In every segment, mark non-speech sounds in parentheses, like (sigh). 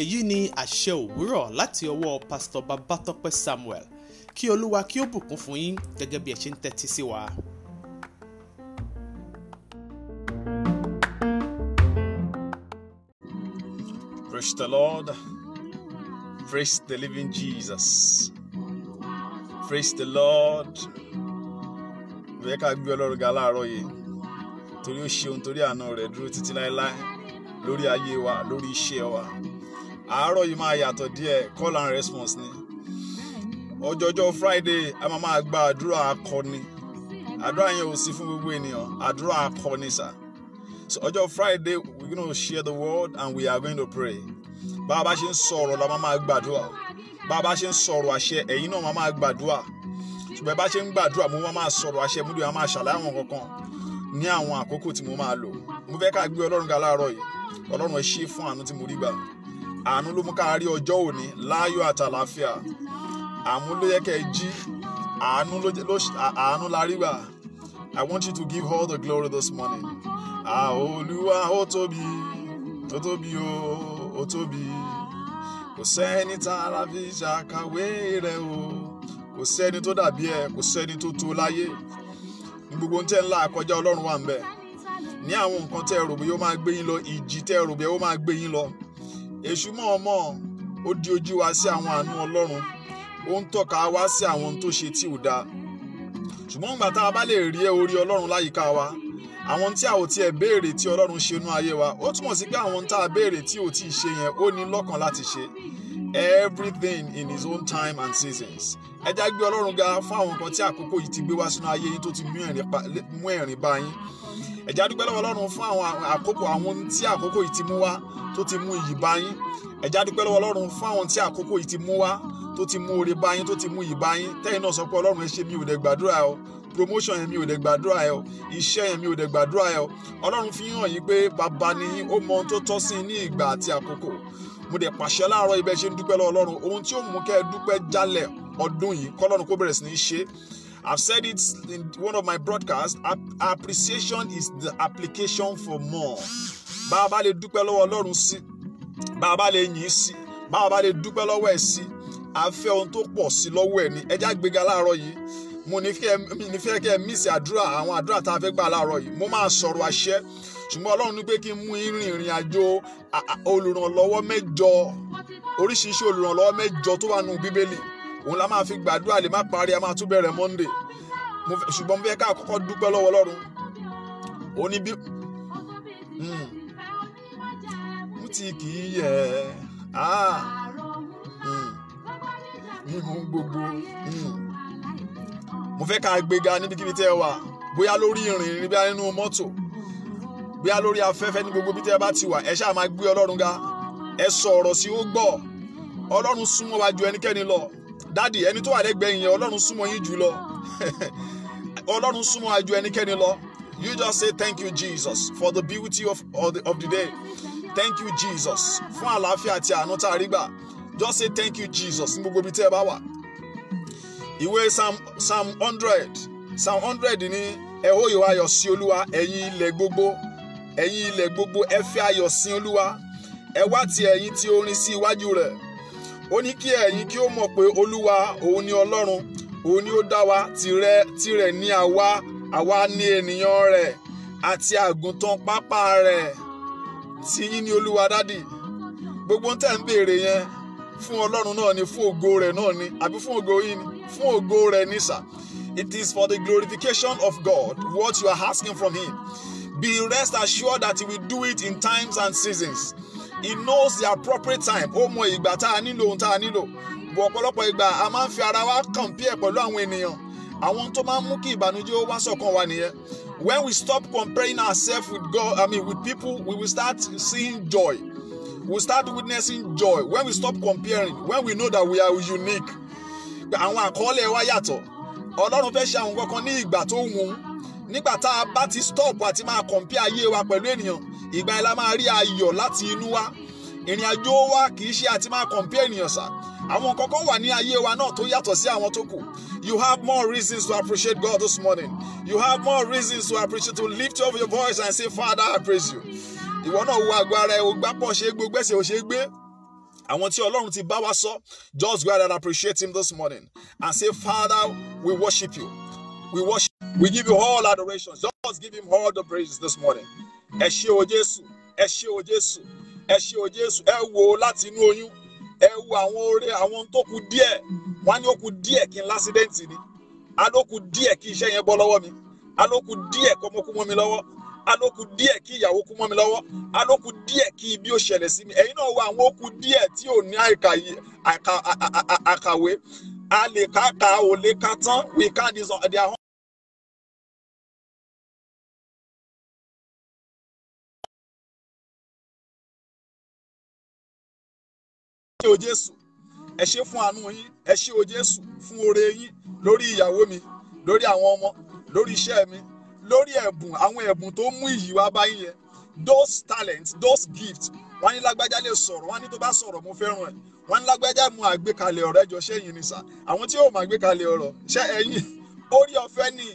èyí ni àṣẹ òwúrọ̀ láti ọwọ́ pásítọ̀ Babátọ́pẹ́ Samuel kí Olúwa kí ó bùkún fún yín gẹ́gẹ́ bí ẹ ṣe ń tẹ́tí sí wa. Praise the Lord. Praise the living Jesus. Praise the Lord kò yẹ ká gbé ọlọ́run ga láàárọ̀ yìí torí ó ṣeun torí àánú rẹ̀ dúró títí láéláé lórí ayé wa lórí iṣẹ́ wa àárọ̀ yìí máa yàtọ̀ díẹ̀ call and response ni ọjọjọ friday a máa máa gba àdúrà akọni àdúrà yẹn ò sí fún gbogbo ènìyàn àdúrà akọni sà so ọjọ́ friday we gonna share the word and we are going to pray bá a bá ṣe ń sọ̀rọ̀ la máa máa gbàdúrà bá a bá ṣe ń sọ̀rọ̀ àṣẹ ẹ̀yin náà máa máa gbàdúrà ṣùgbọ́n bá ṣe ń gbàdúrà mo máa sọ̀rọ̀ àṣẹ múlò a máa ṣàlàyé àwọn kankan ní àwọn àkókò tí mo máa lò mo fẹ́ ká gbé ọlọ́run ga láàárọ̀ yìí ọlọ́run ẹ ṣé fún àánú tí mo rí gbà àánú ló mú ká rí ọjọ́ òní láyọ̀ àtàlàáfíà àánú ló yẹ kẹ́ jí àánú la rí gbà I want you to give all the glory this morning àolúwa ó tóbi ó tóbi ó ó tóbi kò sẹ́ni tá a ra fi ṣàkàwé rẹ̀ o kò sẹ́ni tó dàbí ẹ kò sẹ́ni tó tó láyé ní gbogbo ń tẹ́ ńlá àkọjá ọlọ́run wà ń bẹ̀ ní àwọn nǹkan tẹ́ rò bí máa gbé yín lọ ìjì tẹ́ rò bí máa gbé yín lọ èṣù mọ̀ọ́mọ̀ ó di ojú wa sí àwọn àánú ọlọ́run ó ń tọ́ka wá sí àwọn tó ṣe tí ò dáa ṣùgbọ́n ìgbà tá a bá lè rí orí ọlọ́run láyìíká wa àwọn tí a ò tiẹ̀ béèrè tí ọlọ́run ṣe nú ayé wa ó túmọ̀ sí pé àwọn tá a béèrè tí ò tíì ṣe yẹn ó ní lọ́kàn láti ṣe everything in his own time and seasons ẹ já gbé ọlọ́run ga fún àwọn nǹkan tí àkókò yìí ti gbé wá sínú ayé yín tó ti mú ẹ̀rín bá yín ẹ já dúpẹ́ lọ́wọ́ ọlọ́run fún àwọn àkókò àwọn tí àkókò yìí ti mú wá tó ti mú iyì bá yín ẹ já dúpẹ́ lọ́wọ́ ọlọ́run fún àwọn tí àkókò yìí ti mú wá tó ti mú oore bá yín tó ti mú iyì bá yín tẹ́yìn náà sọ pé ọlọ́run ẹ ṣe mi ò dẹ̀ gbàdúrà o promotion yẹn mi ò dẹ̀ gbàdúrà ẹ o iṣẹ́ yẹn mi ò dẹ̀ gbàdúrà ẹ o ọlọ́run fi hàn yín pé bàbá ni ó mọ ohun tó tọ́ sí ní ìgbà àti àkókò mo dẹ̀ pàṣẹ láàárọ̀ ibẹ̀ ṣe ń dúpẹ́ lọ́wọ́ ọlọ́run ohun tí ó mú kẹ́ ẹ dúpẹ́ jálẹ̀ ọdún yìí kọ́lọ́run kó bẹ̀rẹ̀ sí ní ṣe I've said it in one of my broadcasts appreciation is the application for more bá a bá lè dúpẹ́ lọ́wọ́ Ọlọ́run sí bá a bá lè yìn sí bá a bá lè dúpẹ́ lọ́wọ́ ẹ̀ sí a fẹ́ ohun tó pọ̀ sí lọ́wọ́ ẹ̀ ní ẹjá gbéga láàárọ̀ yìí mo ní fẹ́ kẹ́ ẹ mísì àdúrà àwọn àdúrà tá a fẹ́ gbà láàárọ̀ yìí mo máa sọ̀rọ̀ àṣẹ ṣùgbọ́n Ọlọ́run ní pé kí n mú irin ìrìn àjò olùrànlọ́wọ́ mẹ́jọ oríṣiríṣi olùrànlọ́wọ́ mẹ́jọ tó wà nù Bíbélì òun la máa fi gbàdúrà lè má parí a máa tún bẹ̀rẹ̀ monday ṣùgbọ́n mo fẹ́ ká àkọ́kọ́ dúpẹ́ lọ́wọ́ ọlọ́run òun ni bí hmm, mú tí kì í yẹ ah, mímú hmm, gbogbo hmm. mo fẹ́ ká gbéga níbikíbi tẹ́ ẹ wà bóyá lórí ìrìn níbi nínú mọ́tò bóyá lórí afẹ́fẹ́ ní gbogbo bí tẹ́ ẹ bá ti wà ẹ ṣáà máa gbé ọlọ́run ga ẹ sọ ọ̀rọ̀ sí ó gbọ́ ọlọ́run súnmọ́ wa ẹnikẹ́ni lọ dáàdì ẹni tó wà lẹ́gbẹ̀ẹ́ yẹn ọlọ́run súnmọ́ yín jù lọ (laughs) ọlọ́run súnmọ́ àjù ẹnikẹ́ni lọ you just say thank you Jesus for the beauty of, of, the, of the day thank you Jesus fún àlàáfíà àti àánú tá a rí gbà just say thank you Jesus ní gbogbo ibi tí ẹ bá wà ìwé psalm psalm hundred psalm hundred ní ẹ hó ìwà ayọ̀ sí olúwa ẹ̀yin ilẹ̀ gbogbo ẹ̀yin ilẹ̀ gbogbo ẹ ayọ̀ sí olúwa ẹ ti ẹ̀yin tí orin sí iwájú rẹ̀ ó ní kí ẹ̀yin kí ó mọ̀ pé olúwa òun ni ọlọ́run òun ni ó dá wa tirẹ̀ tirẹ̀ ni àwa àwa ni ènìyàn rẹ̀ àti àgùntàn pápá rẹ̀ tiyín ni olúwa dádì gbogbo ń tẹ̀ ń béèrè yẹn fún ọlọ́run náà ni fún ògo rẹ̀ náà ni àbí fún ògo yìí ni fún ògo rẹ̀ ní sà it is for the glorification of God what you are asking from him be rest assured that he will do it in times and seasons he knows the appropriate time ó mọ ìgbà tá a nílò ohun tá a nílò bù ọ̀pọ̀lọpọ̀ ìgbà a máa ń fi ara wa compare pẹ̀lú àwọn ènìyàn àwọn tó máa ń mú kí ìbànújẹ́ ó wá sọ̀kan wa nìyẹn when we stop comparing ourselves with God I mean with people we will start seeing joy we start witnessing joy when we stop comparing when we know that we are unique àwọn àkọọ́lẹ̀ wa yàtọ̀ ọlọ́run fẹ́ ṣe àwọn kankan ní ìgbà tó wù ú nígbà tá a bá ti stop àti máa compare ayé wa pẹ̀lú ènìyàn ìgbà yẹn la máa rí ayọ̀ láti inú wa ìrìn àjò wa kì í ṣe àti máa compare ènìyàn sá àwọn kọ̀ọ̀kan wà ní ayé wa náà tó yàtọ̀ sí àwọn tó kù you have more reasons to appreciate God this morning you have more reasons to appreciate to lift up your voice and say Father I praise you ìwọ náà wo agbára e gbe o gbápọ̀ ṣe é ṣe é gbé àwọn tí Ọlọ́run ti bá wa sọ just go ahead and appreciate him this morning and say Father we worship you we worship you. we give you all adoration just give him all the praise this morning. ẹ ṣé o jésù ẹ ṣé o jésù ẹ ṣé o jésù ẹ wò láti inú oyún ẹ wo àwọn oore àwọn tó kù díẹ̀ wọn á ní ó kù díẹ̀ kí n lásídẹ́ǹtì ni alókù díẹ̀ kí iṣẹ́ yẹn bọ́ lọ́wọ́ mi alókù díẹ̀ kọ́mọ kú mọ́ mi lọ́wọ́ alókù díẹ̀ kí ìyàwó kú mọ́ mi lọ́wọ́ alókù díẹ̀ kí ibi ó ṣẹlẹ̀ sí mi ẹ̀yin náà wo àwọn okù díẹ̀ tí ò ní àkàwé a lè ká ka ò lè ká tán we can this their own. ṣé o jésù ẹ ṣé fún àánú yín ẹ ṣé o jésù fún oore yín lórí ìyàwó mi lórí àwọn ọmọ lórí iṣẹ́ mi lórí ẹ̀bùn àwọn ẹ̀bùn tó mú ìyì wá bá yín yẹn those talents those gifts wọ́n ní lágbájá lè sọ̀rọ̀ wọ́n ní tó bá sọ̀rọ̀ mo fẹ́ràn ẹ̀ wọ́n ní lágbájá mu àgbékalẹ̀ ọ̀rọ̀ ẹjọ́ ṣẹ́yìn ni àwọn tí yóò mọ àgbékalẹ̀ ọ̀rọ̀ ṣẹ́ ẹ̀yìn orí ọ̀fẹ́ ni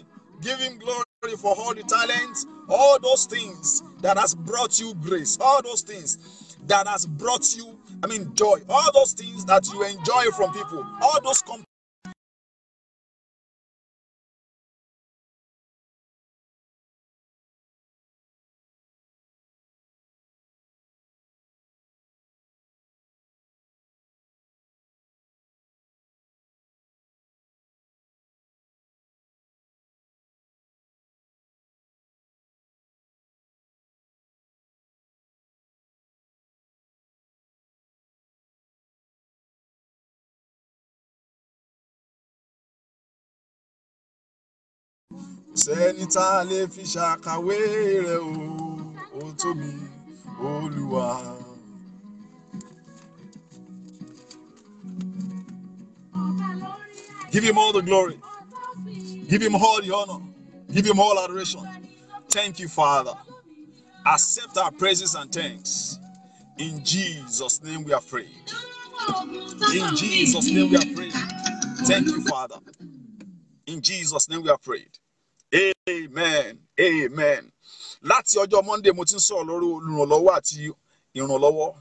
giving glory for all the talents, all those things that has brought you grace, all those things that has brought you, I mean, joy, all those things that you enjoy from people, all those sẹ́ni tá a lè fi ṣàkàwé rẹ̀ o ó tóbi olúwa. Give him all the glory. Give him all the honor. Give him all adoration. Thank you, Father. Accept our praises and thanks. In Jesus' name we are prayed. In Jesus' name we are prayed. Thank you, Father. In Jesus' name we are prayed. amen amen láti ọjọ́ monday mo ti ń sọ̀rọ̀ lórí olùrànlọ́wọ́ àti ìrànlọ́wọ́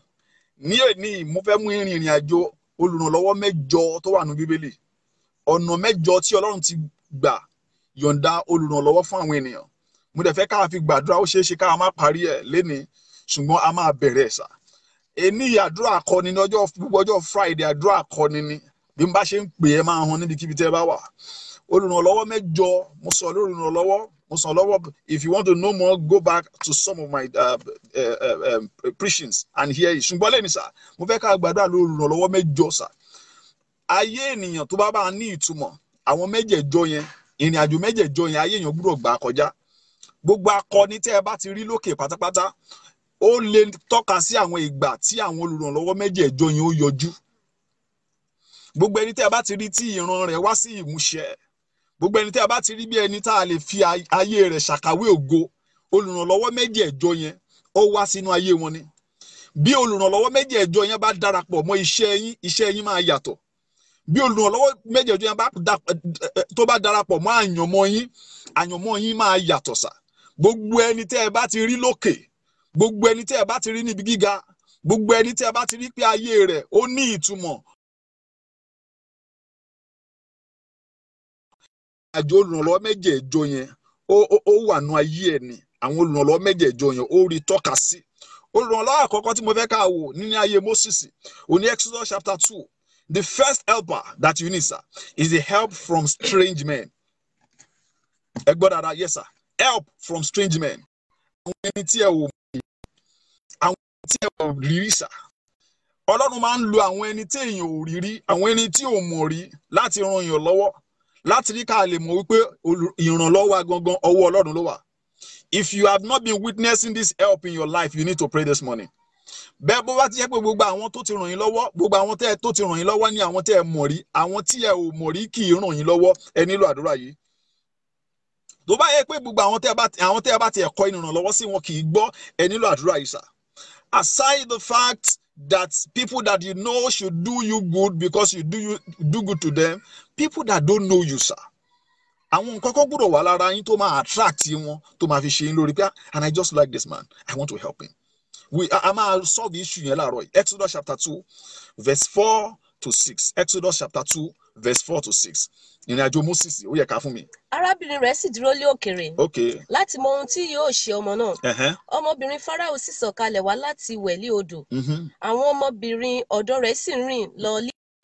ní èní mo fẹ́ mú ìrìnrìn àjò olùrànlọ́wọ́ mẹ́jọ tó wà ní bíbélì ọ̀nà mẹ́jọ tí ọlọ́run ti gbà yọ̀ǹda olùrànlọ́wọ́ fún àwọn ènìyàn mo dẹ̀ fẹ́ ká fi gbàdúrà ó ṣeé ṣe ká má parí ẹ̀ lénìí ṣùgbọ́n a máa bẹ̀rẹ̀ ṣá èní àdúrà akọni ní ọjọ́ gbogbo ọjọ́ friday àdúrà akọni ni bí n bá ṣe ń pè é máa hàn níbikíbi tẹ́ ẹ bá wà olùrànlọ́wọ́ mẹ́jọ mo sọ lórí olùrànlọ́wọ́ if you want to know more, go back to some of my uh, uh, um, uh, preachings and hear it. Ṣùgbọ́n lẹ́yìn sá, mo fẹ́ ká gbàdúrà lórúlọ́wọ́ mẹ́jọ sá. Ayé ènìyàn tó bá bá ní ìtumọ̀, àwọn mẹ́jẹ̀jọ yẹn, ìrìn àjò mẹ́jẹ̀jọ yẹn, ayé èèyàn gbúdọ̀ gbà kọjá. Gbogbo akọni tẹ́ ẹ bá ti rí lókè pátápátá, ó lè tọ́ka sí àwọn ìgbà tí àwọn olùrànlọ́wọ́ mẹ́jẹ̀jọ yẹn ó yọjú. Gbogbo ẹni tẹ́ ẹ bá ti rí tí ìran rẹ̀ wá sí ìmúṣẹ gbogbo ẹni tí a bá ti rí bí ẹni tá a lè fi ayé rẹ̀ ṣàkàwé ògo olùrànlọ́wọ́ méjì ẹ̀jọ yẹn ó wá sínú ayé wọn ni bí olùrànlọ́wọ́ méjì ẹ̀jọ yẹn bá darapọ̀ mọ́ iṣẹ́ yín iṣẹ́ yín máa yàtọ̀ bí olùrànlọ́wọ́ méjì ẹ̀jọ yẹn tó bá darapọ̀ mọ́ àyànmọ́ yín àyànmọ́ yín máa yàtọ̀ sà gbogbo ẹni tẹ́ ẹ bá ti rí lókè gbogbo ẹni tẹ́ ẹ bá ti rí níbi gíga gbogbo ẹni tí a bá ti rí pé ayé rẹ̀ ó ní ìtumọ̀ àjọ olùrànlọ́wọ́ mẹ́jẹ̀ẹ̀jọ yẹn ó wà nù ayé ẹ̀ ni àwọn olùrànlọ́wọ́ mẹ́jẹ̀ẹ̀jọ yẹn ó rí tọ́ka sí olùrànlọ́wọ́ àkọ́kọ́ tí mo fẹ́ ká wò nínú ayé Moses òní Exodus chapter two the first helper that you need sir is the help from strange men ẹ gbọ́ dada yes sir help from strange men àwọn ẹni tí ẹ wò mí àwọn ẹni tí ẹ wò rírí sà ọlọ́run máa ń lo àwọn ẹni tí èèyàn ò rí rí àwọn ẹni tí ò mọ̀ rí láti ran èèyàn lọ́wọ́ láti rí ká lè mọ̀ wípé ìrànlọ́wọ́ wa gangan ọwọ́ Ọlọ́run ló wà if you have not been witnessing this help in your life you need to pray this morning bẹ́ẹ̀ bó bá ti jẹ́ pé gbogbo àwọn tó ti ràn yín lọ́wọ́ gbogbo àwọn tẹ́ ẹ tó ti ràn yín lọ́wọ́ ní àwọn tẹ́ ẹ mọ̀ rí àwọn tí ẹ ò mọ̀ rí kì í ràn yín lọ́wọ́ ẹ nílò àdúrà yìí tó bá yẹ pé gbogbo àwọn tẹ́ ẹ bá ti ẹ̀kọ́ ìrànlọ́wọ́ sí wọn kì í gbọ́ ẹ nílò àdúrà yìí sà aside the fact that people that you know should do you good because you do you do good to them people that don't know you sir àwọn nǹkan kan gbúdọ̀ wà lára yín tó máa attract wọn tó máa fi ṣe yín lórí pé ah, and I just like this man I want to help him we a, máa solve issue yẹn láàárọ̀ yìí Exodus chapter two verse four to six Exodus chapter two verse four to six ìrìn àjò Moses ó yẹ ká fún mi. arábìnrin rẹ̀ sì dúró lé òkèrè láti mọ ohun tí yóò ṣe ọmọ náà ọmọbìnrin Fáráò sì sọ̀kalẹ̀ wá láti wẹ̀lí odò mhm. àwọn ọmọbìnrin ọ̀dọ́ rẹ̀ sì rìn lọ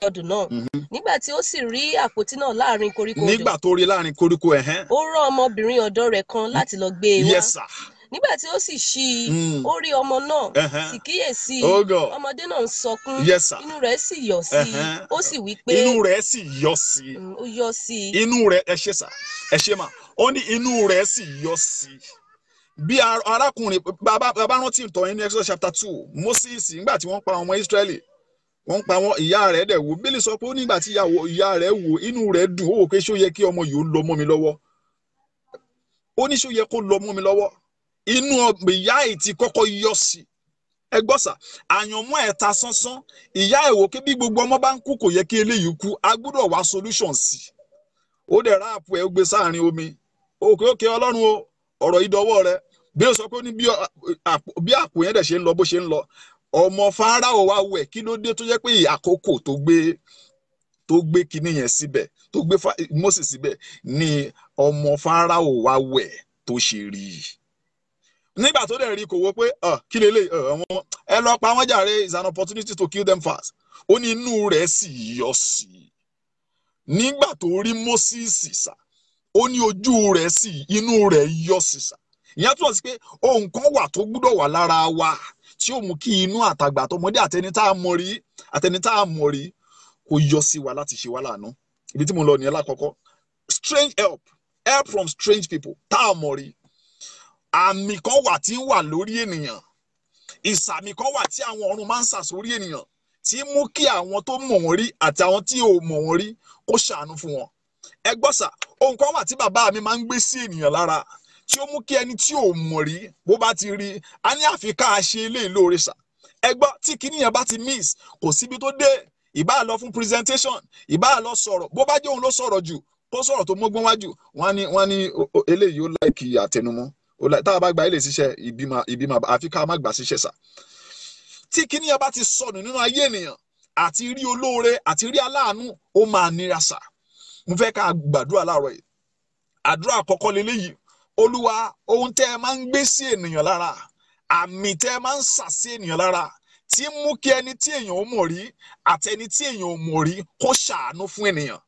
ọdún náà mm-hmm. nígbà tí ó sì rí àpótí náà láàrin koríko odò nígbà tó rí láàrin koríko ẹ̀hẹ́n ó rán ọmọbìnrin ọ̀dọ́ rẹ̀ kan láti lọ gbé e wá yes sir nígbà tí ó sì ṣí i mm. ó rí ọmọ náà sì kíyèsí oh ọmọdé náà ń sọkún inú rẹ̀ sì yọ̀ sí i ó sì wí pé inú rẹ̀ sì yọ̀ sí i mm, ó yọ̀ sí i inú rẹ̀ ẹ ṣe sà ẹ ṣe mà ó ní inú rẹ̀ sì yọ̀ sí i bí arákùnrin bàbá rántí ìtọ̀ ní Exodus chapter two Moses nígbà tí wọ́n pa ọmọ Israẹli wọ́n pa wọ́n ìyá rẹ̀ dẹ̀ wò bílí sọ pé ó nígbà tí ìyá rẹ̀ wò inú rẹ̀ dùn ó wò pé ṣó yẹ kí ọmọ yìí ó lọ mọ́ mi lọ́wọ́ ó ní ṣó yẹ kó lọ mọ́ mi lọ́wọ́ inú ìyá ẹ̀ ti kọ́kọ́ yọ sí ẹ gbọ́ àyànmọ́ ẹ̀ sánsán ìyá ẹ̀ wò pé bí gbogbo ọmọ bá ń kú kò yẹ kí eléyìí kú a gbọ́dọ̀ wá solution sí i ó dẹ̀ ráàpù ẹ̀ gbé sáàrin omi òkè òkè ọlọ́run o ọ̀rọ̀ ìdọ́wọ́ rẹ bí ó sọ pé ó ní bí àpò yẹn dẹ̀ ṣe ń lọ bó ṣe ń lọ ọmọ Fáráò wá wẹ̀ kí ló dé tó jẹ́ pé àkókò tó gbé tó gbé kinní yẹn síbẹ̀ tó gbé Mósè síbẹ̀ ni ọmọ Fáráò wá wẹ̀ tó ṣe rí i nígbà tó dẹ̀ rí kò wọ pé ah, kí lè lè ah, àwọn ẹ lọ pa wọ́n jàre is an opportunity to kill them fast ó ní inú rẹ̀ sì yọ sí i nígbà tó rí Moses sà ó ní ojú rẹ̀ sì inú rẹ̀ yọ sí sà ìyẹn túmọ̀ sí pé ohun kan wà tó gbúdọ̀ wà lára wa tí ó mú kí inú àtàgbà àtọmọdé àtẹni tá a mọ̀ rí àtẹni tá a mọ̀ rí kó yọ sí wa láti ṣe wá láàánú ibi tí mo lọ nìyẹn lákọ̀ọ́kọ́ strange help help from strange people tá a mọ̀ rí àmì kan wà tí ń wà lórí ènìyàn ìsàmì kan wà tí àwọn ọ̀run máa ń sà sórí ènìyàn tí mú kí àwọn tó mọ̀ wọ́n rí àti àwọn tí ò mọ̀ wọ́n rí kó ṣàánú fún wọn ẹ gbọ́ ohun kan wà tí bàbá mi máa ń gbé sí ènìyàn lára tí ó mú kí ẹni tí ò mọ̀ rí bó bá ti rí a ní àfi ká a ṣe ilé ìlóore ṣá tí kinní yẹn bá ti miss kò síbi tó dé ìbá lọ fún presentation ìbá lọ sọ̀rọ̀ bó bá jẹ́ òun ló sọ̀rọ̀ jù kó sọ̀rọ̀ tó mọ́gbọ́n wájú wọ́n ní wọ́n ní eléyìí ó láìkì àtẹnumọ́ tá a bá gba ilé ṣiṣẹ́ ìbímọ ìbímọ àfi ká má gbà ṣiṣẹ́ ṣá tí kinní yẹn bá ti sọnù nínú ayé ènìyàn àti rí olóore àti rí aláàánú ó máa nira ṣá mo fẹ́ ká gbàdúrà láàárọ̀ yìí àdúrà àkọ́kọ́ leléyìí olúwa ohun tẹ́ ẹ máa ń gbé sí ènìyàn lára àmì tẹ́ ẹ máa ń sà sí ènìyàn lára tí mú kí ẹni tí èèyàn ò mọ̀ rí àti ẹni tí èèyàn ò mọ̀ rí kó ṣàánú fún ènìyàn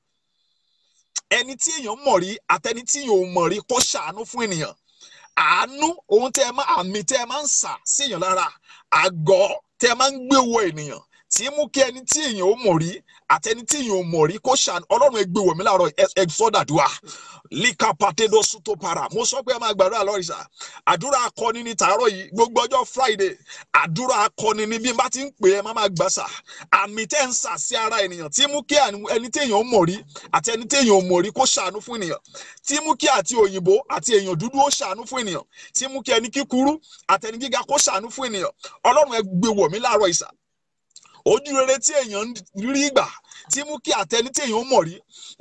ẹni tí èèyàn mọ̀ rí àti ẹni tí èèyàn ò mọ̀ rí kó ṣàánú fún ènìyàn àánú ohun tẹ́ ẹ máa àmì tẹ́ ẹ máa ń sà sí èèyàn lára àgọ́ tẹ́ ẹ máa ń gbé wọ ènìyàn tí mú kí ẹni tí èèyàn ó mọ̀ rí àtẹni tí èèyàn ò mọ̀ rí kó ṣàn ọlọ́run ẹgbẹ́ wọ̀mí láàárọ̀ ẹ̀sọ́dàdúà líka pàtẹ́dọ̀ sútó para mo sọ pé ẹ máa gbàdúrà lọ́rìí sà àdúrà akọni ní tàárọ̀ yìí gbogbo ọjọ́ friday àdúrà akọni ní bí n bá ti ń pè é má máa gbà sà àmì tẹ́ ń sà sí ara ènìyàn tí mú kí ẹni tí èèyàn mọ̀ rí àti ẹni tí èèyàn mọ̀ rí kó ṣàánú fún ènìyàn tí mú kí àti òyìnbó àti èèyàn dúdú ó ṣàánú fún ènìyàn tí mú kí ẹni kíkúrú àtẹni gíga kó ṣàánú fún ènìyàn ọlọ́run ẹ wọ̀mí láàárọ̀ ìsà ojú rere tí èèyàn rí gbà tí mú kí àtẹni tí èèyàn mọ̀ rí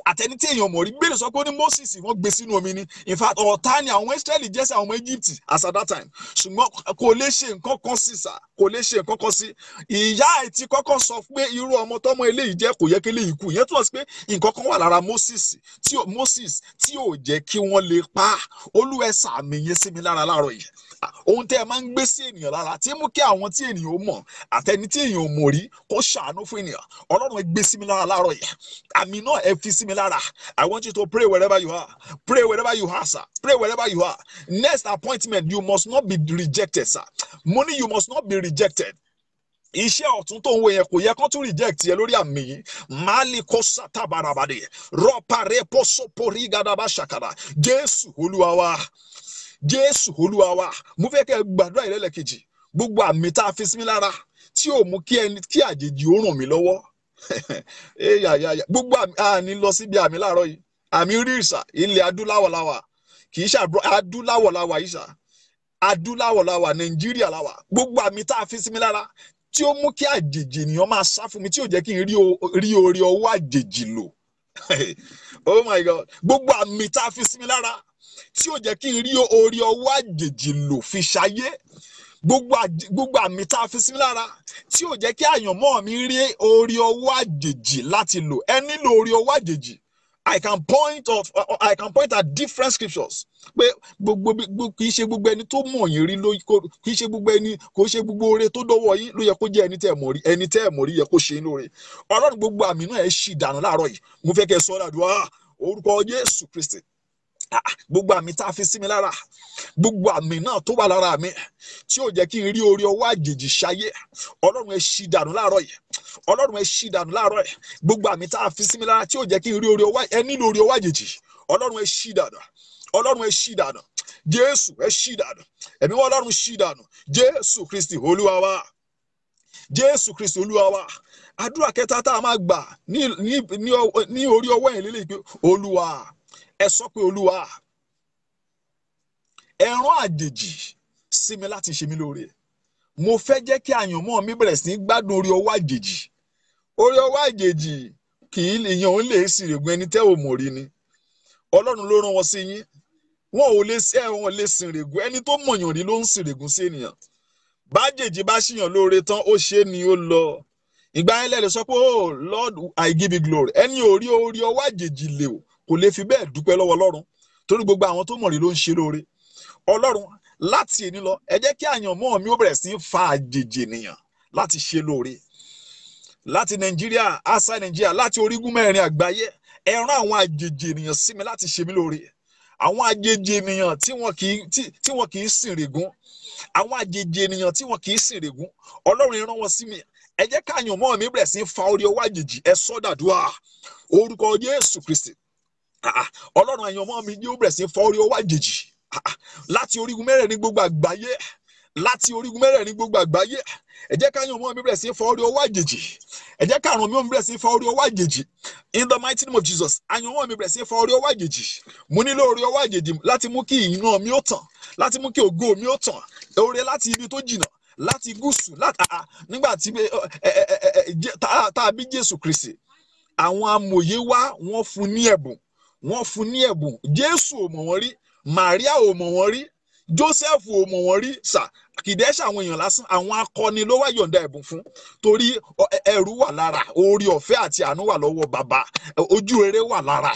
àtẹni tí èèyàn mọ̀ rí gbèrè sọ pé ní Moses wọ́n gbé sínú omi ni in fact ọ̀tá ni àwọn Israeli jẹ́ sí àwọn ọmọ Egypt as at that time ṣùgbọ́n kò lè ṣe nǹkan kan sí sà kò lè ṣe nǹkan kan sí ìyá ẹ̀ kọ́kọ́ sọ pé irú ọmọ tọ́mọ eléyìí jẹ́ kò yẹ kí eléyìí kú ìyẹn túmọ̀ sí pé nǹkan kan wà lára Moses tí Moses tí ò jẹ́ kí wọ́n lè pa olúwẹ̀ sàmì yẹn sí mi lára láàárọ̀ yìí ohun tẹ́ ẹ máa ń gbé sí ènìyàn lára tí mú kí àwọn tí ènìyàn mọ̀ àtẹni tí ènìyàn mọ̀ rí kó ṣàánú fún ènìyàn ọlọ́run gbé sí mi lára láàárọ̀ yìí àmì náà ẹ fi sí lára i want you to pray wherever you are pray wherever you are sir pray wherever you are next appointment you must not be rejected sir money you must not be rejected iṣẹ́ ọ̀tún tó ń wo yẹn kò yẹ kán tún reject yẹ lórí àmì yìí máàlì kó sátábàràbàdì rọparẹ pọsopori gadaba ṣàkàrà jésù olúwa wa jésù olúwa mo fẹ́ kẹ́ gbàdúrà ìrẹ́lẹ̀ kejì gbogbo àmì tá a fi sí mi lára tí ò mú kí ẹni kí àjèjì ó ràn mí lọ́wọ́ (laughs) eh, gbogbo àmì lọ síbi àmì láàárọ̀ yìí àmì rí ìsà ilẹ̀ adúláwọ̀láwà kì í ṣàbúrò adúláwọ̀láwà ìsà adúláwọ̀láwà nàìjíríà láwà gbogbo àmì tá a fi sí mi lára tí ó mú kí àjèjì ènìyàn máa sá fún mi tí ò jẹ́ kí n rí orí ọwọ́ àjèjì lò (laughs) oh my god gbogbo àmì tá a fi sí mi lára tí ò jẹ́ kí n rí orí ọwọ́ àjèjì lò fi ṣayé gbogbo àmì tá a fi sí lára tí ò jẹ́ kí àyànmọ́ mi rí orí ọwọ́ àjèjì láti lò ẹ nílò orí ọwọ́ àjèjì I can point of I can point at different scriptures pé gbogbo kì í ṣe gbogbo ẹni tó mọ̀ yín rí ló kì í ṣe gbogbo ẹni kò ṣe gbogbo oore tó dọ́wọ́ yín ló yẹ kó jẹ́ ẹni tẹ́ ẹ̀ mọ̀ rí ẹni tẹ́ ẹ̀ mọ̀ rí yẹ kó ṣe é lóore ọlọ́run gbogbo àmì náà ẹ̀ ṣì dànù láàárọ̀ yìí mo fẹ́ kẹ́ ẹ sọ́ọ́ dàdúrà orúkọ Jésù Kristi Ah, gbogbo àmì tá a fi sí mi lára gbogbo àmì náà tó wà lára mi tí ò jẹ́ kí n rí orí ọwọ́ àjèjì ṣayé ọlọ́run ẹ ṣì dànù láàárọ̀ yìí ọlọ́run ẹ ṣì dànù láàárọ̀ yìí gbogbo àmì tá a fi sí mi lára tí ò jẹ́ kí n rí orí ọwọ́ ẹ nílò orí ọwọ́ àjèjì ọlọ́run ẹ ṣì dànù ọlọ́run ẹ ṣì dànù jésù ẹ ṣì dànù ẹ̀mí wọn ọlọ́run ṣì dànù jésù kristi olúwa jésù kristi olúwa àdúrà kẹta tá a máa gbà ní orí ọwọ́ yẹn lélẹ́yìí pé olúwa ẹ sọ pé olúwa ẹ rán àjèjì sí mi láti ṣe mí lóore mo fẹ́ jẹ́ kí àyànmọ́ mi bẹ̀rẹ̀ sí í gbádùn orí ọwọ́ àjèjì orí ọwọ́ àjèjì kì í èèyàn ò lè sìrègùn ẹni tẹ́ ò mọ̀ rí ni ọlọ́run ló rán wọn sí yín wọn ò lè ṣe ẹ̀wọ̀n lè sìrègùn ẹni tó mọ̀yàn rí ló ń sìrègùn sí ènìyàn bájèjì bá ṣìyàn lóore tán ó ṣe ni ó lọ ìgbà yẹn sọ pé oh lord i give you glory ẹni ò rí orí ọwọ́ àjèjì lè o kò lè fi bẹ́ẹ̀ dúpẹ́ lọ́wọ́ ọlọ́run torí gbogbo àwọn tó mọ̀rí ló ń ṣe lóore ọlọ́run láti èní lọ ẹ jẹ́ kí àyànmọ́ mi ó bẹ̀rẹ̀ sí í fa àjèjì ènìyàn láti ṣe lóore láti nàìjíríà àṣà nàìjíríà láti orígun mẹ́rin àgbáyé ẹ rán àwọn àjèjì ènìyàn sí mi láti ṣe mí lóore àwọn àjèjì ènìyàn tí wọn kì í tí wọn àwọn àjèjì ènìyàn tí wọn kì í sìnrègún ọlọ́run rán wọn sí mi ẹ jẹ́ káyàn mọ́ mi bẹ̀rẹ̀ sí fa orí ọwọ́ àjèjì ẹ sọ́dàdúrà orúkọ Jésù Kristi Ah, ah. ọlọ́run àyànmọ́ mi ni ó bẹ̀rẹ̀ sí fọ́ orí owó àjèjì ah, láti orígun mẹ́rẹ̀ẹ̀rin gbogbo àgbáyé láti orígun mẹ́rẹ̀ẹ̀rin gbogbo àgbáyé ẹ ká yànmọ́ mi bẹ̀rẹ̀ sí fọ́ orí owó àjèjì ẹ ká àrùn mi bẹ̀rẹ̀ sí fọ́ orí owó àjèjì in the mighty name of Jesus àyànmọ́ mi bẹ̀rẹ̀ sí fọ́ orí owó àjèjì mo nílò orí owó àjèjì láti mú kí ìyìn mi ó tàn láti mú kí ògo mi ó tàn oore láti ibi tó jìnnà láti gúúsù látàá nígbà tí eh, eh, eh, tá a bí Jésù Kristi àwọn amòye wá wọ́n fún ní ẹ̀bùn wọ́n fún ní ẹ̀bùn jésù ò mọ̀ wọ́n rí màríà ò mọ̀ wọ́n rí joseph ò mọ̀ wọ́n rí sà kìdẹ́ ṣe àwọn èèyàn lásán àwọn akọni ló wá yọ̀ǹda ẹ̀bùn fún torí ẹrú wà lára oore ọ̀fẹ́ àti àánú wà lọ́wọ́ bàbá ojú rere wà lára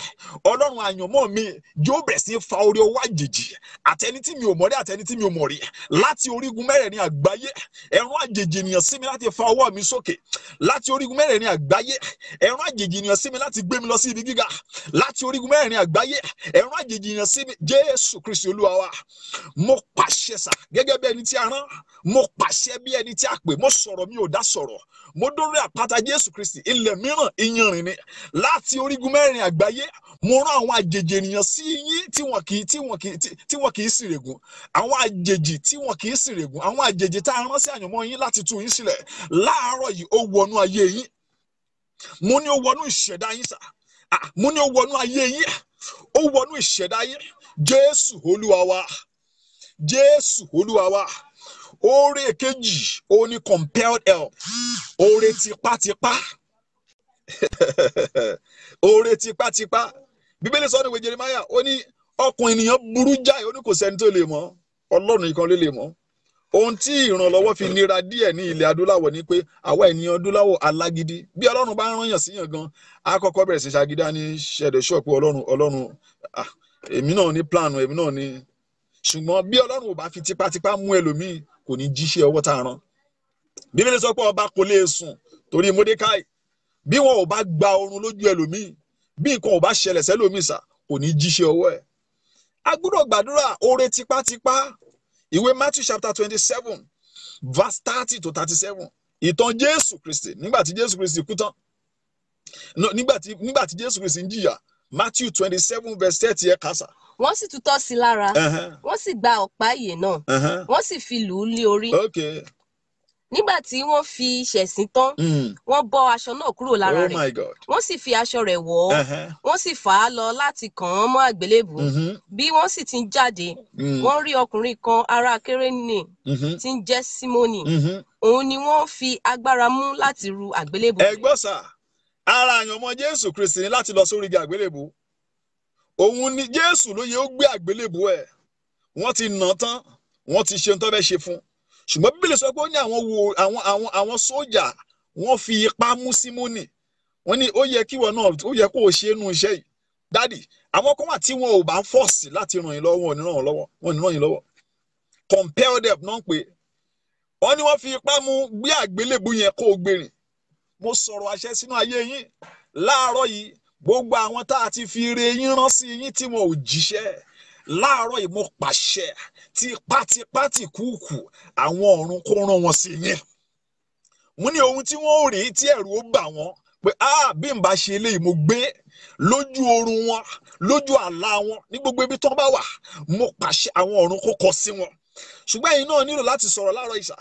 ọlọ́run àyànmọ́ mi yóò bẹ̀ sí fa oore ọwọ́ àjèjì àtẹni tí mi ò mọ̀ rí àtẹni tí mi ò mọ̀ rí láti orígun mẹ́rẹ̀ẹ̀rin àgbáyé ẹ̀rọ àjèjì ènìyàn sí mi láti fa ọwọ́ mi sókè láti orígun mẹ́rẹ̀ẹ̀rin àgbáyé ẹ̀rọ àjèjì ènìyàn sí mi láti gbé mi lọ sí a rán mo pàṣẹ bí ẹni tí a pè mo sọ̀rọ̀ mi ò dá sọ̀rọ̀ mo dórí àpáta jésù kristi ilẹ̀ mìíràn iyanrìn ni láti orígun mẹ́rin àgbáyé mo rán àwọn àjèjì ènìyàn sí yín tí wọn kì í tí wọn kì í tí wọn kì í sìrègùn àwọn àjèjì tí wọn kì í sìrègùn àwọn àjèjì tá a rán sí àyànmọ́ yín láti tú yín sílẹ̀ láàárọ̀ yìí ó wọnú ayé yín mo ní ó wọnú ìṣẹ̀dá yín sà mo ní ó wọnú ayé yín ó wọnú ìṣẹ̀dá yín jésù olúwa wa jésù olúwa wa oore kejì òun ni compelled help oore tipátipá (laughs) oore tipátipá bíbélì sọ ní ìwé Jeremiah ó ní ọkàn ènìyàn burú jáì ó ní kò sẹ́ni tó lè mọ̀ ọlọ́run nìkan ló lè mọ̀ ohun tí ìrànlọ́wọ́ fi nira díẹ̀ ní ilẹ̀ adúláwọ̀ ni pé àwa ènìyàn adúláwọ̀ alágídí bí ọlọ́run bá ń rányàn síyàn gan akọ́kọ́ bẹ̀rẹ̀ sí ṣàgídá ní ṣẹ̀dẹ̀ ṣọ́ọ̀pù ọlọ́run ọlọ́run èmi náà ní plan èmi náà ní ṣùgbọ́n bí ọlọ́run ò bá fi tipátipá mú ẹlòmíì kò ní jíṣẹ́ ọwọ́ tá a rán bíbélì sọ pé ọba kò lè sùn torí mordecai bí wọn ò bá gba oorun lójú ẹlòmíì bí nǹkan ò bá ṣẹlẹ̀ sẹ́lòmíì sà kò ní jíṣẹ́ ọwọ́ ẹ̀ a gbàdúrà oore tipátipá ìwé matthew chapter twenty seven verse thirty to thirty seven ìtàn jésù kristi nígbà tí jésù kristi kú tán nígbà tí jésù kristi ń jìyà matthew twenty seven verse thirty ẹ̀ kásà wọ́n sì tutọ́ sí i lára uh-huh. wọ́n sì gba ọ̀pá ìyè náà uh-huh. wọ́n sì fi lù ú lé orí. nígbà tí wọ́n fi ṣẹ̀sín tán hmm. wọ́n bọ́ aṣọ náà kúrò lára oh rẹ̀ wọ́n sì fi aṣọ rẹ̀ wọ̀ ọ́ uh-huh. wọ́n sì fà á lọ láti kàn án mọ́ àgbélébù mm-hmm. bí wọ́n sì ti ń jáde hmm. wọ́n rí ọkùnrin kan ará Kérénì mm-hmm. tí ń jẹ́ Símónì mm-hmm. òun ni wọ́n fi agbára mú láti ru àgbélébù. ẹ gbọ́ sà ara àyànmọ́ Jésù Kristi ni láti lọ sórí igi àgbélébù òun ni jésù ló yẹ ó gbé àgbélébù ẹ̀ wọ́n ti nà tán wọ́n ti ṣe ohun tó fẹ́ ṣe fún ṣùgbọ́n bíbélì sọ pé ó ní àwọn wo àwọn àwọn àwọn sójà wọ́n fi ipá mú símónì wọ́n ní ó yẹ kíwọ náà ó yẹ kó o ṣe é nu iṣẹ́ yìí dádì àwọn kan wà tí wọn ò bá fọ́ọ̀sì láti ràn yín lọ́wọ́ ní ràn yín lọ́wọ́ wọn ní ràn yín lọ́wọ́ compel them náà pé wọ́n ní wọ́n fi ipá mú gbé àgbélébù yẹn kó o gbèrìn mo sọ̀rọ̀ àṣẹ sínú ayé yín láàárọ̀ yìí gbogbo àwọn tá a ti fi re yín rán sí yín tí wọn ò jíṣẹ́ láàárọ̀ yìí ti pàṣẹ tí pátipáti kúùkù àwọn ọ̀run kó rán wọn sí yín mo ní ohun tí wọn ò rí tí ẹ̀rù ó bà wọ́n pé ah bí n bá ṣe eléyìí mo gbé lójú oorun wọn lójú àlá wọn ní gbogbo ibi tán bá wà mo pàṣẹ àwọn ọ̀run kó kọ sí wọn ṣùgbọ́n ẹ̀yin náà nílò láti sọ̀rọ̀ láàárọ̀ ìṣà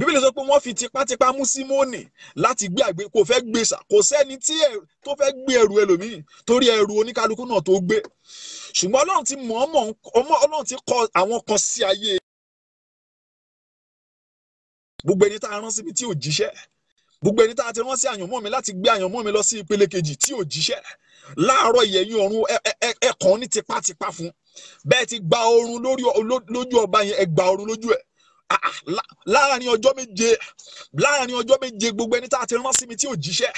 bíbélì sọ pé wọ́n fi tipátipá mú símónì láti gbé àgbé kò fẹ́ gbé sà kò sẹ́ni tó fẹ́ gbé ẹrù ẹlòmíì torí ẹrù oníkálukú náà tó gbé ṣùgbọ́n ọlọ́run ti mọ̀ ọmọ ọmọ ọlọ́run ti kọ àwọn kan sí ayé e. gbogbo ẹni tá a rán síbi tí ò jíṣẹ́ gbogbo ẹni tá a ti rán sí àyànmọ́ mi láti gbé àyànmọ́ mi lọ sí ìpele kejì tí ò jíṣẹ́ láàárọ̀ ìyẹ̀yìn ọ̀run ẹ̀kan ní tipátipá fún bẹ́ẹ̀ ti gba oorun lójú ọba yẹn ẹ gba oorun lójú ẹ̀ Ah, láàrin ọjọ́ méje láàrin ọjọ́ méje gbogbo ẹni tá a ti rán sí mi tí ò jíṣẹ́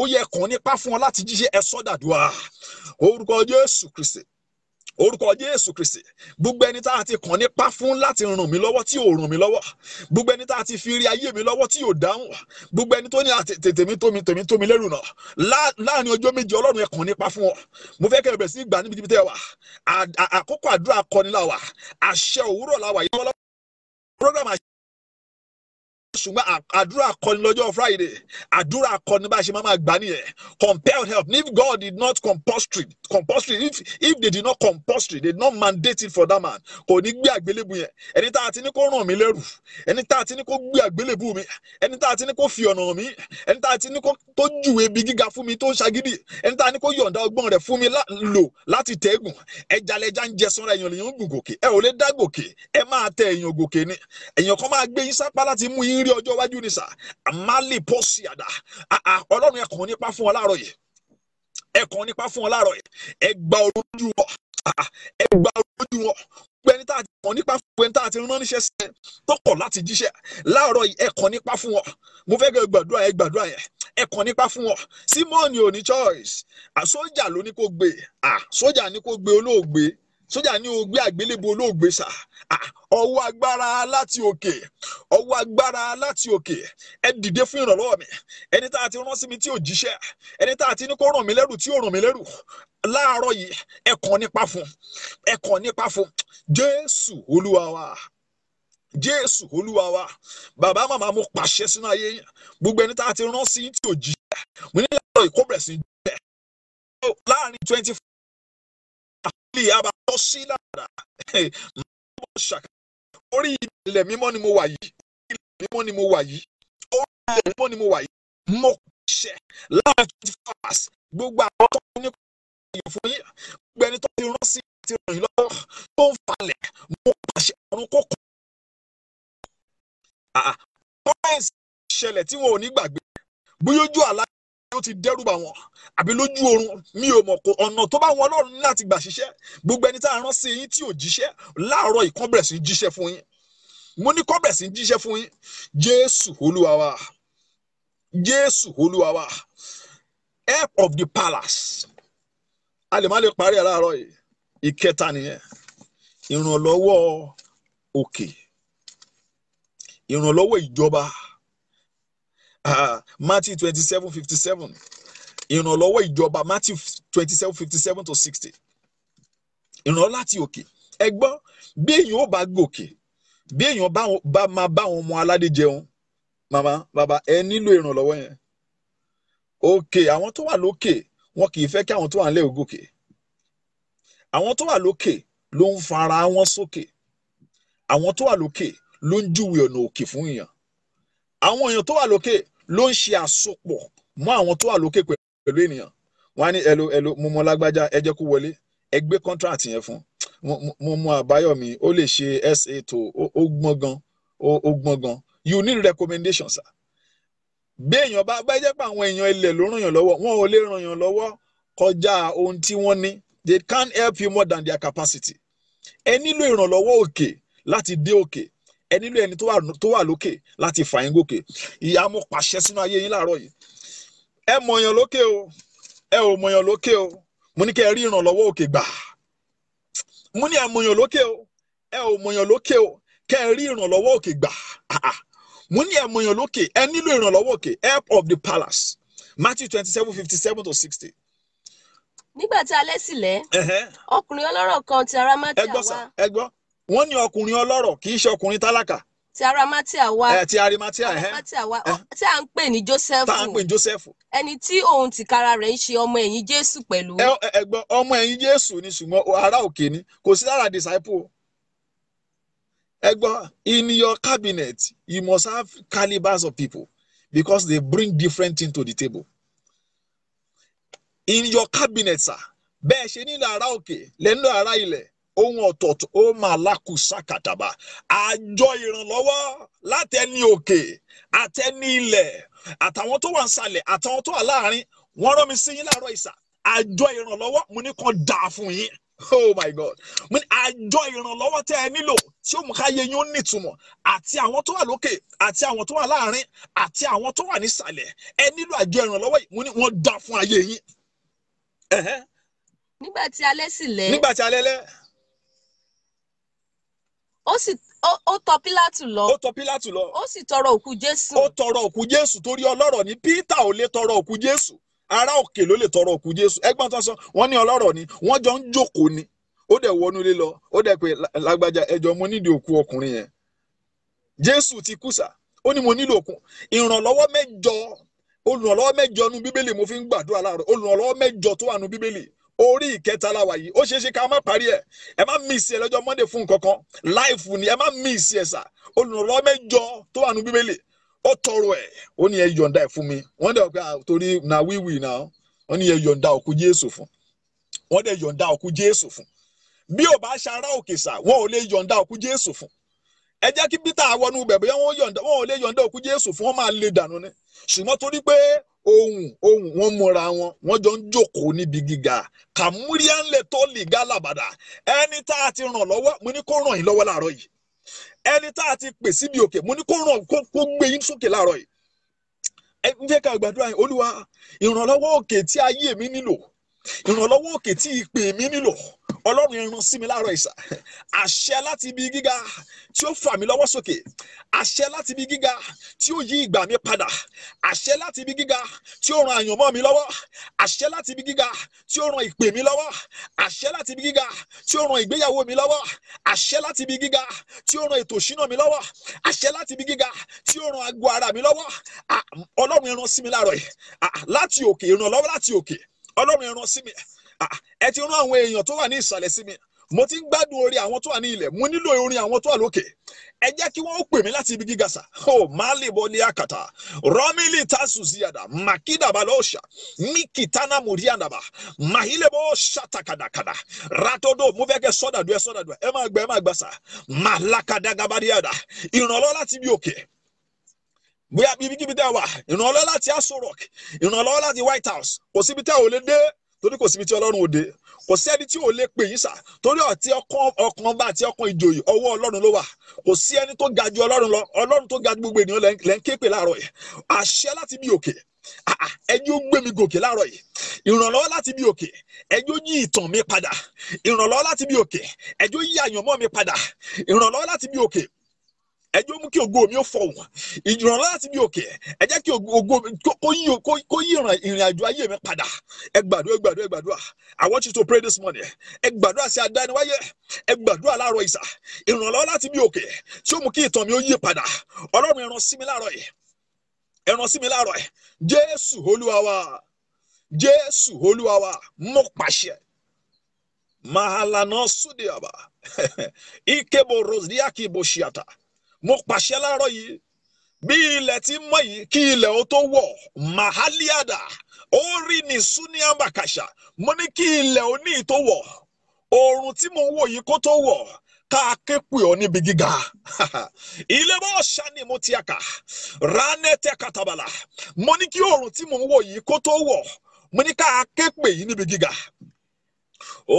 ó yẹ kàn nípa fún ọ láti jíṣẹ́ ẹ sọ́dàdúrà orúkọ Jésù Kristi orúkọ jésù kristi gbogbo ẹni tá a ti kàn nípa fún láti ràn mí lọ́wọ́ tí ò ràn mí lọ́wọ́ gbogbo ẹni tá a ti fi rí ayé mi lọ́wọ́ tí ò dáhùn gbogbo ẹni tó ní tèmi tómi tèmi tómi lẹ́rù náà láàrin ọjọ́ méje ọlọ́run ẹ kàn nípa fún ọ mo fẹ́ kẹ́ bẹ̀rẹ̀ sí gbà níbi tí tẹ́ wà àkókò àdúrà kọ́ni la wà àṣẹ òwúrọ̀ la wà yìí program ṣùgbọ́n àdúrà akọni lọ́jọ́ friday àdúrà akọni bá a ṣe máa ma gbà nìyẹn compelled help if god did not compulsory compulsory if if they did not compulsory they did not mandate it for that man kò ní gbé àgbélébù yẹn ẹni tá a ti ní kó ràn mí lẹ́rù ẹni tá a ti ní kó gbé àgbélébù mi ẹni tá a ti ní kó fi ọ̀nà mi ẹni tá a ti ní kó tó júwe ibi gíga fún mi tó ń ṣagídí ẹni tá a ní kó yọ̀ǹda ọgbọ́n rẹ̀ fún mi lò láti tẹ́gùn ẹja lẹja ń jẹ sanra èèyàn lèèyàn gùn gòkè ẹ ò lè dá gòkè ẹ máa tẹ èèyàn gòkè ni orí ọjọ́ iwájú ni sà àmàlì pọ́sì àdá ọlọ́run ẹ̀kan nípa fún ọ láàárọ̀ yìí ẹ̀kan nípa fún ọ láàárọ̀ yìí ẹ gba olójú wọn ẹ gba olójú wọn gbogbo ẹni tá a ti kàn nípa fún ẹni tá a ti rán níṣẹ́ sí tó kọ̀ láti jíṣẹ́ láàárọ̀ yìí ẹ kàn nípa fún wọn mo fẹ́ kẹ́ gbàdúrà yẹn gbàdúrà yẹn ẹ kàn nípa fún wọn Simoni ò ní choice sójà ló ní kó gbé sójà ní kó gbé olóògbé sójà ní o gbé àgbélébù olóògbé sà ọwọ́ agbára láti òkè ọwọ́ agbára láti òkè ẹ dìde fún ìrànlọ́wọ́ mi ẹni tá a ti rán sí mi tí ò jíṣẹ́ ẹni tá a ti ní kó ràn mí lẹ́rù tí ò ràn mí lẹ́rù láàárọ̀ yìí ẹ kàn nípa fún ẹ kàn nípa fún Jésù Olúwa wa jésù olúwa wa bàbá màmá mo pàṣẹ sínú ayé yẹn gbogbo ẹni tá a ti rán sí tí ò jí mo ní láàárọ̀ ìkóbẹ̀rẹ̀ sí jẹ láàrin twenty four tọ́ sí lára orí ilẹ̀ mímọ́ ni mo wà yìí orí ilẹ̀ mímọ́ ni mo wà yìí orí ilẹ̀ mímọ́ ni mo wà yìí mo ṣe láàrin twenty four gbogbo àwọn tó ń ní kó fún yín gbogbo ẹni tó ti rán sí ti ràn yín lọ́wọ́ tó ń falẹ̀ mo pàṣẹ ọ̀run kó kọ́. ọ̀rẹ́ǹsì tí wọn ò ní gbàgbé bóyá àlá yóò ti dẹ́rùbà wọn àbí lójú oorun mi ò mọ̀ kó ọ̀nà tó bá wọn ọlọ́run láti gbà ṣiṣẹ́ gbogbo ẹni tá a rán sí yín tí ò jíṣẹ́ láàárọ̀ ìkọ́bẹ̀rẹ̀ sí jíṣẹ́ fún yín mo ní kọ́bẹ̀rẹ̀ sí jíṣẹ́ fún yín jésù olúwa jésù olúwa help of the palace a lè má lè parí ẹ̀ láàárọ̀ yìí ìkẹta nìyẹn ìrànlọ́wọ́ òkè ìrànlọ́wọ́ ìjọba. Okay (coughs) Matthew twenty seven fifty seven ìrànlọ́wọ́ ìjọba Matthew twenty seven fifty seven to sixty ìrànlọ́wọ́ láti òkè ẹ gbọ́ bí èèyàn ó bá gòkè bí èèyàn bá máa bá àwọn ọmọ aládé jẹun màmá bàbá ẹ nílò ìrànlọ́wọ́ yẹn òkè àwọn tó wà lókè wọn kì í fẹ́ kí àwọn tó wà nílẹ̀ ó gòkè àwọn tó wà lókè ló ń fara wọn sókè àwọn tó wà lókè ló ń júwe ọ̀nà òkè fún èèyàn àwọn èèyàn tó wà lókè ló ń ṣe àsopọ̀ mọ́ àwọn tó wà lókè pẹ̀lú ènìyàn wọ́n á ní ẹ̀lò ẹ̀lò mo mọ lágbájá ẹ jẹ́ kó wọlé ẹ gbé contract yẹn fún mo mọ àbáyọ̀mí ó lè ṣe sa tó ó gbọ́n gan ó gbọ́n gan you need recommendations sa. bí èèyàn bá bá jẹ́ pé àwọn èèyàn ilẹ̀ ló ràn yàn lọ́wọ́ wọn ò lè ràn yàn lọ́wọ́ kọjá ohun tí wọ́n ní they can help you more than their capacity ẹ nílò ìrànlọ́wọ́ òkè láti dé òkè ẹ nílò ẹni tó wà lókè láti fà yín gòkè ìyá mo pàṣẹ sínú ayé yín láàárọ̀ yìí ẹ mọ̀yàn lókè o ẹ ò mọ̀yàn lókè o mo ní kẹ́ ẹ rí ìrànlọ́wọ́ òkè gbà mo ní ẹ mọ̀yàn lókè o ẹ ò mọ̀yàn lókè o kẹ́ ẹ rí ìrànlọ́wọ́ òkè gbà mo ní ẹ mọ̀yàn lókè ẹ nílò ìrànlọ́wọ́ òkè help of the palace Matthew twenty seven fifty seven to sixty. nígbà tí alẹ́ sílẹ̀ ọkùnrin ọlọ́rọ̀ kan ti ará Mátà wá. ẹ gbọ́ wọ́n ní ọkùnrin ọlọ́rọ̀ kì í ṣe ọkùnrin tálákà. ti Arimatia wa eh, ti Arimatia Arimatia wa tí a ń pè ní Joseph tá a ń pè ní Joseph. ẹni tí òun tìkára rẹ̀ ń ṣe ọmọ ẹ̀yìn Jésù pẹ̀lú. ẹ̀gbọ́n ọmọ ẹ̀yìn Jésù ni ṣùgbọ́n ará òkè ni kò sí lára disciple ẹ̀gbọ́n in your cabinet you must have calibers of people because they bring different things to the table in your cabinet sa, bẹ́ẹ̀ ṣe nílò ará òkè lẹ́nu ará ilẹ̀ ohun ọ̀tọ̀ọ̀tọ̀ ó máa lákùsà kàtàbà àjọ ìrànlọ́wọ́ látẹni òkè àtẹni ilẹ̀ àtàwọn tó wà ń sàlẹ̀ àtàwọn tó wà láàrin wọ́n rán mi sí yín láàárọ̀ ìsà àjọ ìrànlọ́wọ́ mo ní kan dà fún yín oh my god àjọ ìrànlọ́wọ́ tẹ́ ẹ nílò tí ó mú ká yẹ yín ó nítumọ̀ àti àwọn tó wà lókè àti àwọn tó wà láàrin àti àwọn tó wà nísàlẹ̀ ẹ nílò àjọ ìrànlọ́wọ́ yìí mo ní wọ́n dà fún ayé yín. nígbà tí alẹ́ sì lẹ́. nígbà tí alẹ́ lẹ́ ó sì ó tọ pílátù lọ. ó tọ pílátù lọ. ó sì tọrọ òkú jésù. ó tọrọ òkú jésù torí ọlọ́rọ̀ ni peter ò lè tọrọ òkú jésù ará òkè ló lè tọrọ òkú jésù ẹgbọ́n tó sọ wọ́n ní ọlọ́rọ̀ ni wọ́n jọ ń jókòó ni ó dẹ̀ wọnú lé lọ ó dẹ̀ pé lágbájá ẹjọ́ mo nídìí òkú ọkùnrin yẹn jésù ti kú sá ó ní mo nílò òkú ìrànlọ́wọ́ mẹ́jọ olùrànlọ́wọ́ mẹ́jọ nu bíbélì mo fi ń gbàdúrà láàárọ̀ olùrànlọ́wọ́ mẹ́jọ tó wà nu bíbélì orí ìkẹta la yìí ó ṣeé ṣe ká má parí ẹ ẹ má mísì ẹ lọ́jọ́ monday fún nǹkankan láìfù ni ẹ má mísì ẹ sà tó wà nù bíbélì ó tọrọ ẹ ó ní ẹ fún mi wọ́n torí na wíwì náà ní wọ́n òkú Jésù fún bí ò bá ṣara òkè sà wọn ò lè òkú Jésù fún ẹ jẹ́ kí Peter bẹ̀ wọ́n lè yọ̀ǹda òkú Jésù fún ohun ohun wọn múra wọn wọn jọ ń jókòó níbi gíga kàmúríánlẹ̀ tó lè gá làbàdà ẹni tá a ti ràn lọ́wọ́ mo ní kó ràn yín lọ́wọ́ láàárọ̀ yìí ẹni tá a ti pè síbi òkè mo ní kó ràn kó gbé yín sókè láàárọ̀ yìí ẹ ń ká gbàdúrà yín olúwa ìrànlọ́wọ́ òkè tí ayé mi nílò ìrànlọ́wọ́ òkè tí ìpè mi nílò ọlọ́run yẹn rán sí mi láàárọ̀ ìṣà àṣẹ láti ibi gíga tí ó fà mí lọ́wọ́ sókè àṣẹ láti ibi gíga tí ó yí ìgbà mi padà àṣẹ láti ibi gíga tí ó ran àyànmọ́ mi lọ́wọ́ àṣẹ láti ibi gíga tí ó ran ìpè mi lọ́wọ́ àṣẹ láti ibi gíga tí ó ran ìgbéyàwó mi lọ́wọ́ àṣẹ láti ibi gíga tí ó ran ètò ìṣúná mi lọ́wọ́ àṣẹ láti ibi gíga tí ó ran agbo ara mi lọ́wọ́ ọlọ́run ẹran sí mi láàárọ̀ yìí láti òkè ìrànlọ́wọ́ láti òkè ọlọ́run ẹran sí mi Ah, ẹ ti rán àwọn èèyàn tó wà ní ìsàlẹ̀ sí mi mo ti ń gbádùn orin àwọn tó wà ní ilẹ̀ mo nílò orin àwọn tó wà lókè ẹ jẹ́ kí wọ́n pè mí láti ibi gíga sà ó máàlì bọ́ ní àkàtà rọ́mìlì tásù síyàdà màkìdàbà lọ́ọ̀ṣà mìkìtánà mùríàdàbà màhílẹ̀bọ̀ ṣàtàkàdàkàdà ràtọ́dọ̀ mo fẹ́ kẹ́ sọ́dàdù ẹ sọ́dàdù ẹ máa gbẹ ẹ máa gbà sà màlàkàdàgàbàdìyàdà ìrànlọ́ láti ibi òkè bóyá ibi kíbi tẹ́ wà ìrànlọ́ láti Aso Rock ìrànlọ́ láti White House kò síbi tẹ́ ò lè dé torí kò síbi tí ọlọ́run òde kò sẹ́ni tí ò lè pè yín sà torí ọ̀tí ọkàn ọba àti ọkàn ìjòyè ọwọ́ ọlọ́run ló wà kò sí ẹni tó ga ju ọlọ́run lọ ọlọ́run tó ga ju gbogbo ènìyàn lẹ́ ń ké pè láàárọ̀ yìí àṣẹ láti bí òkè ẹjọ́ gbé mi gòkè láàárọ̀ yìí ìrànlọ́wọ́ láti bí òkè ẹjọ́ yí ìtàn mi padà ìrànlọ́wọ́ láti bí òkè ẹjọ́ yí àyànmọ́ mi padà ìrànlọ́wọ́ láti bí òkè ẹ jẹ́ ó mú kí ògo mi ó fọ̀hún ìjìnà láti bí òkè ẹ jẹ́ kí ògo mi kó yí ìrìn àjò ayé mi padà ẹ gbàdúrà ẹ gbàdúrà ẹ gbàdúrà I want you to pray this morning ẹ gbàdúrà sí adániwáyé ẹ gbàdúrà láàárọ̀ ìsà ìrànlọ́wọ́ láti bí òkè tí ó mú kí ìtàn mi ó yí padà ọlọ́run ẹran sí mi láàárọ̀ yìí ẹran sí mi láàárọ̀ yìí Jésù Olúwa wa Jésù Olúwa mo pàṣẹ mahalana sudiaba (laughs) ikebo rosdiaki boshiata mo pàṣẹ láàárọ̀ yìí bí ilẹ̀ ti mọ́ yìí kí ilẹ̀ ó tó wọ̀ mahaliada ó rí ní suniambakasha mo ní kí ilẹ̀ ó ní ìtó wọ̀ oòrùn tí mo ń wò yìí kó tó wọ̀ ká ké pè ọ níbi gíga (laughs) ilé bọ́ ṣani mo ti àkà ránẹ́tẹ̀ katabala mo ní kí oòrùn tí mo ń wò yìí kó tó wọ̀ mo ní ká ké pè yìí níbi gíga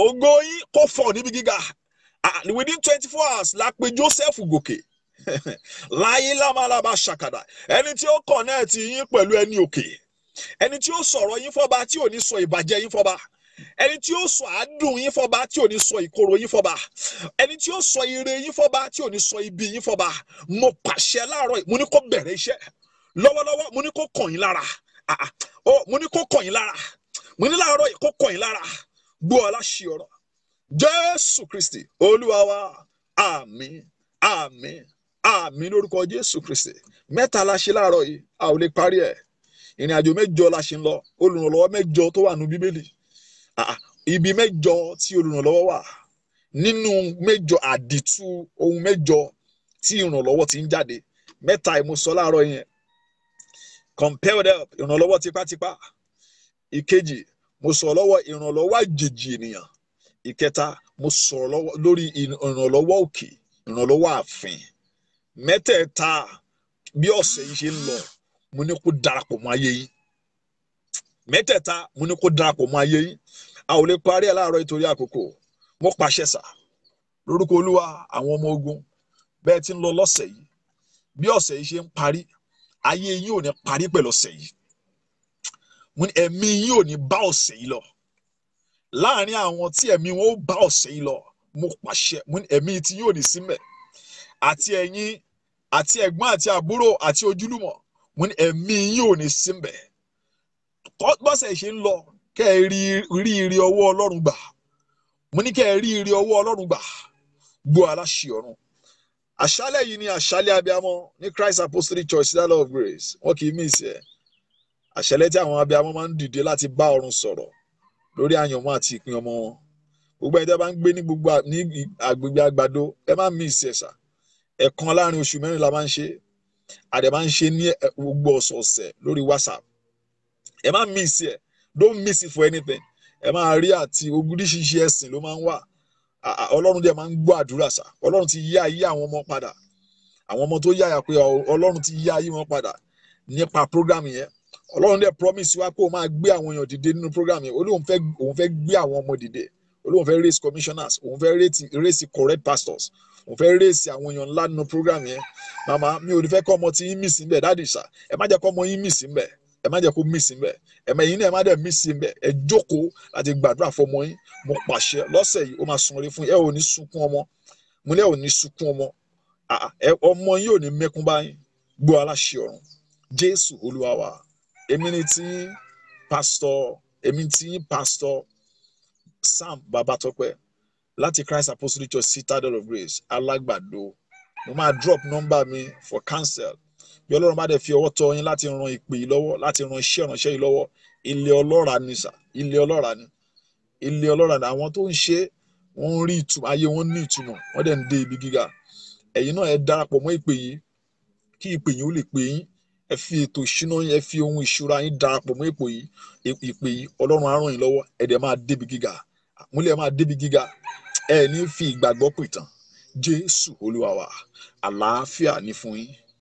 ògo yín kó fọ̀ níbi gíga ah, within twenty four hours la pe Joseph gòkè láyé lámàlábà ṣàkàdà ẹni tí ó kọ̀nẹ́ẹ̀tì yín pẹ̀lú ẹni òkè ẹni tí ó sọ̀rọ̀ yín fọ́ba tí ò ní sọ ìbàjẹ́ yín fọ́ba ẹni tí ó sọ àádùn yín fọba tí ò ní sọ ìkorò yín fọba ẹni tí ó sọ ire yín fọba tí ò ní sọ ibi yín fọba mo pàṣẹ láàárọ̀ mo ní kó bẹ̀rẹ̀ iṣẹ́ lọ́wọ́lọ́wọ́ mo ní kó kàn yín lára oh, mo ní kó kàn yín lára mo ní láàárọ̀ kó kàn yín lára gbọ́ ọ ọ̀rọ̀ Jésù Kristi Olúwa wa àmín àmín àmì lórúkọ jésù kristi mẹ́ta la ṣe láàárọ̀ yìí a ò lè parí ẹ̀ ìrìn àjò mẹ́jọ la ṣe ń lọ olùrànlọ́wọ́ mẹ́jọ tó wà nù bíbélì ibi mẹ́jọ tí olùrànlọ́wọ́ wà nínú mẹ́jọ àdìtú ohun mẹ́jọ tí ìrànlọ́wọ́ ti ń jáde mẹ́ta ìmúsọ láàárọ̀ yẹn compelled help ìrànlọ́wọ́ tipátipá ìkejì mo sọ̀rọ̀ lọ́wọ́ ìrànlọ́wọ́ àjèjì ènìyàn ìkẹta mo sọ̀rọ̀ lórí ìrànlọ́wọ́ òkè ìrànlọ́wọ́ ààfin mẹ́tẹ̀ẹ̀ta bí ọ̀sẹ̀ yìí ṣe ń lọ mo ní kó darapọ̀ mọ́ ayé yín mẹ́tẹ̀ẹ̀ta mo ní kó darapọ̀ mọ́ ayé yín a ò lè parí ẹ̀ láàárọ̀ nítorí àkókò mo pàṣẹ sà lórúkọ olúwa àwọn ọmọ ogun bẹ́ẹ̀ ti ń lọ lọ́sẹ̀ yìí bí ọ̀sẹ̀ yìí ṣe ń parí ayé yín ò ní parí pẹ̀lú ọ̀sẹ̀ yìí ẹ̀mí yín ò ní bá ọ̀sẹ̀ yìí lọ láàárín àwọn tí ẹ̀mí wọn ó bá ọ̀sẹ̀ yìí lọ mo pàṣẹ ẹ̀mí tí yín ò ní símẹ̀ àti ẹ̀yin àti ẹ̀gbọ́n àti àbúrò àti ojúlùmọ̀ mo ní ẹ̀mí yín ò ní síbẹ̀ bọ́sẹ̀ ṣe ń lọ kẹ́ ẹ rí ire ọwọ́ ọlọ́run gbà mo ní kẹ́ ẹ rí ire ọwọ́ ọlọ́run gbà gbọ́ aláṣẹ ọ̀run àṣálẹ̀ yìí ni àṣálẹ̀ abiyamọ ní Christ Apostolic Church Citadel of Grace wọn kì í mí ìsẹ̀ àṣálẹ̀ tí àwọn abiyamọ máa ń dìde láti bá ọ̀run sọ̀rọ̀ lórí àyànmọ́ àti ìpín ọmọ wọn gbogbo ẹ̀dá bá ń gbé ní gbogbo ní àgbàdo ẹ má mí ìsẹ̀ sáà ẹ̀kan láàrin oṣù mẹ́rin la máa ń ṣe àdè máa ń ṣe ní eh, gbogbo ọ̀sọ̀ọ̀sẹ̀ lórí whatsapp ẹ má miss ẹ don't miss it for anything ẹ máa rí àti oríṣiríṣi ẹ̀sìn ló máa ń wà ọlọ́run dẹ̀ máa ń gbọ́ àdúrà sá ọlọ́run ti yá ayé àwọn ọmọ padà àwọn ọmọ tó yáyà pé ọlọ́run ti yá ayé wọn padà nípa program yẹn ọlọ́run dẹ̀ promise wa pé òun máa gbé àwọn èèyàn dìde nínú program yẹn olóhùn fẹ́ òun fẹ́ gbé àwọn ọmọ dìde olóhùn fẹ́ raise commissioners òun fẹ́ raise correct pastors mo fẹ́ rèsì àwọn èèyàn ńlá nínú program yẹn màmá mi ò ní fẹ́ kọ́ ọmọ tí yín mìsì ńbẹ̀ dáàdì ṣá ẹ má jẹ́ kọ́ ọmọ yín mìsì ńbẹ̀ ẹ má jẹ́ kó mìsì ńbẹ̀ ẹ̀mẹ̀ yín náà ẹ má dẹ̀ mìsì ńbẹ̀ ẹ jókòó láti gbàdúrà fọmọ yín mo pàṣẹ lọ́sẹ̀ yìí ó máa sun orí fún yín ẹ ò ní sunkún ọmọ mo lẹ́ ò ní sunkún ọmọ ọmọ yín ò ní mẹ́kún báyìí gbọ́ aláṣẹ ọ̀run jésù olúwa èmi ni tí pásítọ̀ èmi tí pásítọ̀ Sam Babatope láti Christ Apostolic Church Citadel of Grace alágbàdo mo máa drop number mi for counsel bí ọlọ́run bá dẹ̀ fi ọwọ́ tọ́ yín láti ran ìpè yìí lọ́wọ́ láti ran iṣẹ́ ìránṣẹ́ yìí lọ́wọ́ ilé ọlọ́ra ni sà ilé ọlọ́ra ni ilé ọlọ́ra ni àwọn tó ń ṣe wọ́n ń rí ìtumọ̀ ayé wọn ní ìtumọ̀ wọ́n dẹ̀ ń dé ibi gíga ẹ̀yin náà ẹ darapọ̀ mọ́ ìpè yìí kí ìpè yìí ó lè pè yín ẹ fi ètò ìṣúná yín ẹ fi ohun ìṣúra yín darapọ̀ mọ́ ìpè yìí ìpè yìí ọlọ́run á ràn yín lọ́wọ́ ẹ dẹ̀ máa débi gíga múlẹ̀ máa débi gíga ẹ ní fi ìgbàgbọ́ pìtàn jésù olúwa wa àlàáfíà ní fún yín